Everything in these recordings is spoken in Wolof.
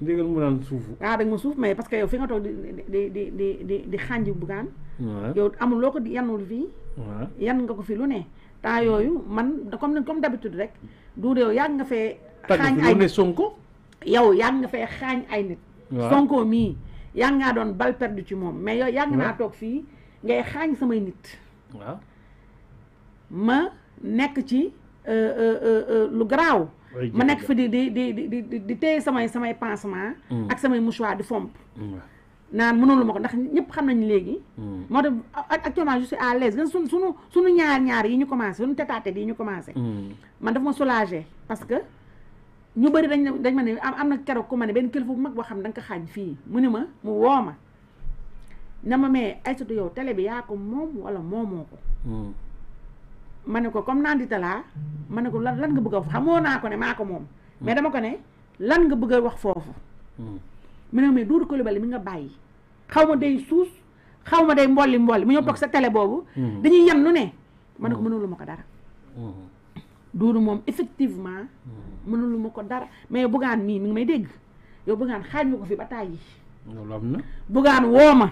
ndigal mu naan suuf. ah da ma suuf mais parce que yow fi nga toog di di di di di di yow amul loo ko yanul fii. yan nga ko fi lu ne. temps yooyu man comme comme d'habitude rek. du yow yàgg nga fee. xaañ ay Sonko. yow yàgg nga fee xaañ ay nit. Sonko mii yàgg ngaa doon bal perdu ci moom mais yow yàgg naa toog fii ngay xaañ samay nit. ma nekk ci euh, euh, euh, lu garaaw. ma nekk fi di di di di di samay samay pansement mm. ak samay mouchoir di fomp mm. naan mënoon lu ma ko ndax ñëpp xam nañ léegi mm. moo tax actuellement je suis à l'aise gën suñ suñu ñaar ñaar yi ñu commencé suñu tête à yi ñu commencé man daf ma soulagé parce que ñu bëri dañ dañ ma ne am am na keroog ku ma ne benn kilifa bu mag boo xam ne da nga ko xaañ fii mu ni ma mu woo ma na ma mais Aïssatou yow télé bi yaa ko moom wala moomoo ko ma ne ko comme nandita ma ne ko lan lan nga bëgg a wax xamoo naa ko ne maa ko moom hmm. mais dama ko ne lan nga bëgg a wax foofu hmm. mu ne mais Doudou Coulibaly mi nga bàyyi xaw ma day suus xaw ma day mbolli mbolli mu ñëw toog sa télé boobu hmm. dañuy yem nu ne ma ne ko mënulu ma ko dara Doudou moom effectivement mënulu ma ko dara mais yow buggaan mii mi ngi may dégg yow buggaan xaaj ma ko fi ba tàyyi loolu am na buggaan woo ma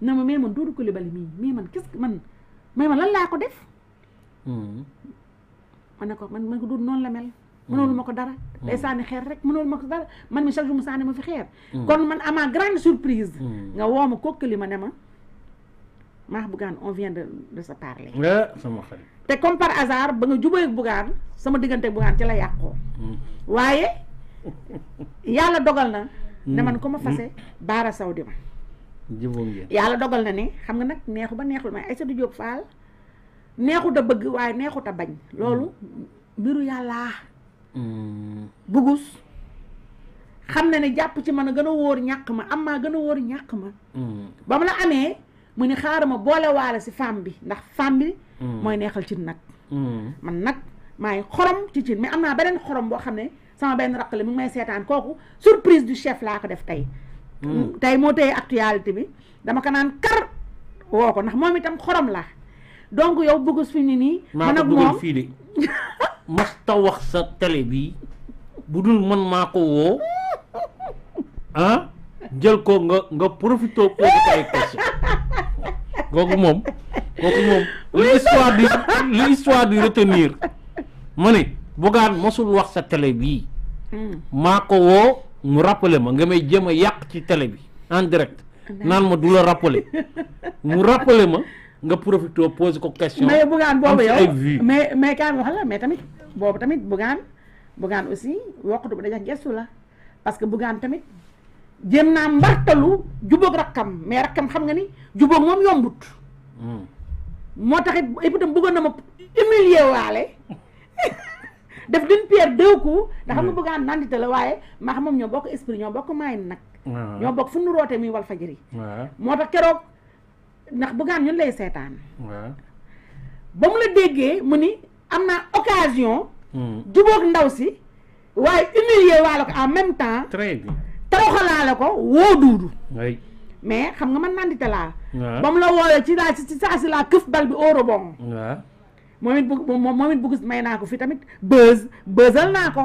na ma mais man Doudou Coulibaly mii mais man quest man mais man lan laa ko def Hmm. ma ne ko man man ko du non la mel mënul hmm. mako dara day hmm. sani xeer rek mënul mako dara man mi chaque jour mu ma fi xeer kon man ama grande surprise nga ko ko li ma ne ma bugan on vient de de se parler sama xarit te comme par hasard ba nga jubóo ak bugan sama diggante bugan ci la yakko waaye yalla dogal na ne man kuma ma fase saoudi ma di ngeen yalla dogal na ne xam nga nak neexu ba neexul may Diop Fall neexut a bëgg waaye neexut a bañ loolu mbiru yàlla bugus hmm. xam na ne jàpp ci man a gën a wóor ñàkk ma am maa gën a wóor ñàkk ma hmm. ba mu la amee mu ni xaaral ma boole waale si femme bi ndax femme bi hmm. mooy neexal cin nag man nag maay xorom ci cin mi am naa beneen xorom boo xam ne sama benn raq la mi may seetaan kooku surprise du chef laa ko def tey tey moo teye actualité bi dama ko naan kar woo ko ndax moom itam xorom la donc yow bëggus fi ni nii man ak mom fii de mas ta wax sa télé bi bu man mako wo ah jël ko nga nga profito ko di kay question mom moom kooku moom lu di di retenir ma bukan mosul wax sa télé bi hmm. mako wo mu rappelé ma nga may jéem a ci télé bi en direct nan ma dula rappelé mu rappelé ma nga profité pose ko question mais bugaan bobu yow mais mais kaay wax la mais tamit bobu tamit bugaan bugaan aussi wokkatu bu dajax gesu la parce que bugaan tamit dem na mbartalu jubóog rakam mais rakam xam nga ni jubóog mom yombut moo hmm. taxit itam bëggoon na ma humilier walé def d'une pierre deux coups nah, da hmm. xam nga bëggaan nandita la waye ma xam mom ño bok esprit ño bok may nak ño nah. bok fu nu roté muy wal fajiri nah. motax kérok ndax ne ñun lay seetaan. ba la déggee mu ni occasion. du hmm. ndaw si waaye humilié en même temps. très bien ko woo duudu. mais xam nga man nandite la ci laa ci saa si laa këf bal bi au rebond. moom it moom it ko fi tamit buzz ndax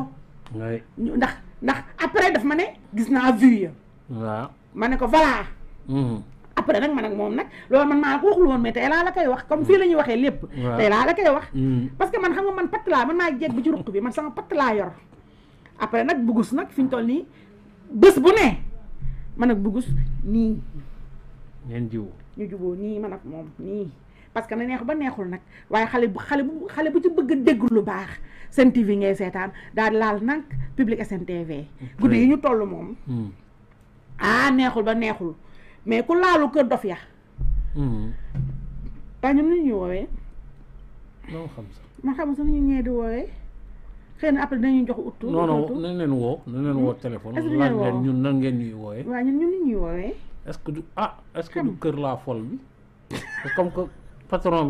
ndax après daf ma ne gis naa vue ya. ko voilà. Hmm. après nak man ak nak, nag man ma ko waxul woon mais tey la la kay wax comme fi lañu waxé lépp la kay wax mm. parce que man xam nga man pat la man ma jeeg bi ci ruq bi man sama pat la yor après nak bugus nak fi ñu toll ni bés bu né man ak bugus ni ñen diw ñu juboo ni man ak mom ni parce que na neex ba neexul nak waye xalé bu xalé bu xale bu ci bëgg dégg lu baax Sen TV ngay sétane daal laal nak public SNTV gudd yi ñu toll mom mm. ah neexul ba neexul mais ku laalu kër dof ya ba hmm. ñun nu ñuy woowee non xam sax man xam sax ñu ngee di woowee xeen na après dañuy jox ut non non nañ leen woo nañ leen woo hmm? téléphone laaj leen ñun nan ngeen ñuy woowee waaw ñun ñun ñuy woowee est que du ah est du kër laa fol bi comme que patron